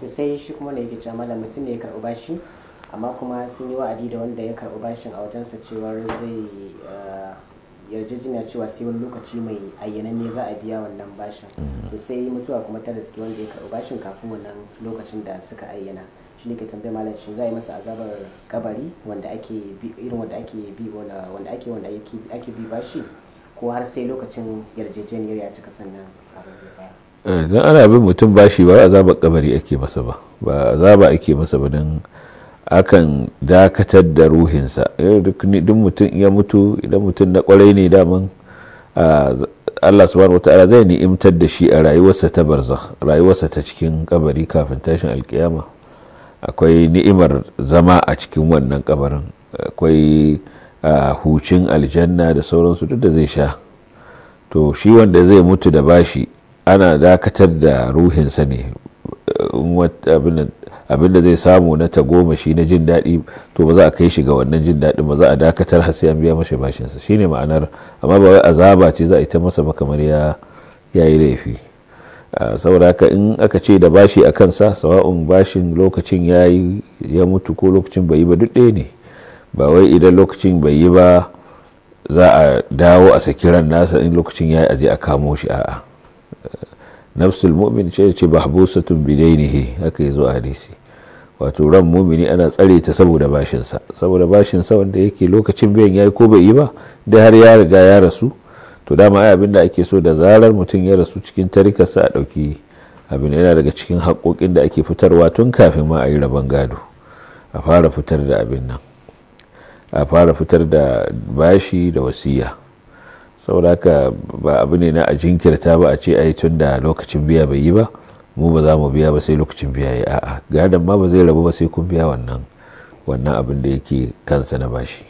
to sai shi kuma ne yake cewa malam mutum ne ya karɓi bashi amma kuma sun yi wa'adi da wanda ya karɓi bashin a wajensa cewar zai eh, yarjejina cewa sai wani lokaci mai ne za a biya wannan bashin mm-hmm. to sai mutuwa kuma ta da wanda ya karɓi bashin kafin wannan lokacin da suka ayyana shi ne ke tambayar malam shin za a yi masa azabar kabari wanda ake irin wanda ake bi wanda ake wanda ake bi bashi ko har sai lokacin yarjejeniyar ya cika sannan abin zai fara Eh, don ana bin mutum bashi ba azabar kabari ake masa ba ba azaba ake masa ba don akan dakatar da ruhinsa eh, duk mutum ya mutu idan mutum na kwarai ne daman Allah subhanahu wa ta'ala zai ni'imtar da shi a rayuwarsa ta barza rayuwarsa ta cikin kabari kafin tashin alkiyama akwai ni'imar zama a cikin wannan kabarin akwai hucin aljanna da sauransu duk da zai sha to shi wanda zai mutu da bashi ana dakatar da ruhinsa ne abin da zai samu na tagomashi na jin daɗi to ba za a kai shi ga wannan jin daɗin ba za a dakatar har sai an biya mashi bashinsa shine ma'anar amma ba wai azaba ce za a yi ta masa ba kamar ya yi laifi saboda haka in aka ce da bashi a kansa sawa'un bashin lokacin ya yi ya mutu ko lokacin bai yi ba duk ɗaya ne ba wai idan lokacin bai yi ba za a dawo a sakiran nasa in lokacin ya yi a je a kamo shi a'a nafsul mu'min ce ce mahbusatun bidainihi haka yazo a hadisi wato ran mumini ana tsare ta saboda bashinsa saboda bashinsa wanda yake lokacin biyan yi ko bai yi ba da har ya riga ya rasu to dama ai abin da ake so da zarar mutum ya rasu cikin tarikarsa a dauki abin yana daga cikin haƙoƙin da ake fitarwa tun kafin ma a yi rabon gado a fara fitar da abin nan a fara fitar da bashi da wasiya saboda ba abu ne na a jinkirta ba a ce ai tun da lokacin biya bai yi ba mu ba za mu biya ba sai lokacin biya ya a'a gadon ma ba zai rabu ba sai kun biya wannan wannan abin da yake kansa na bashi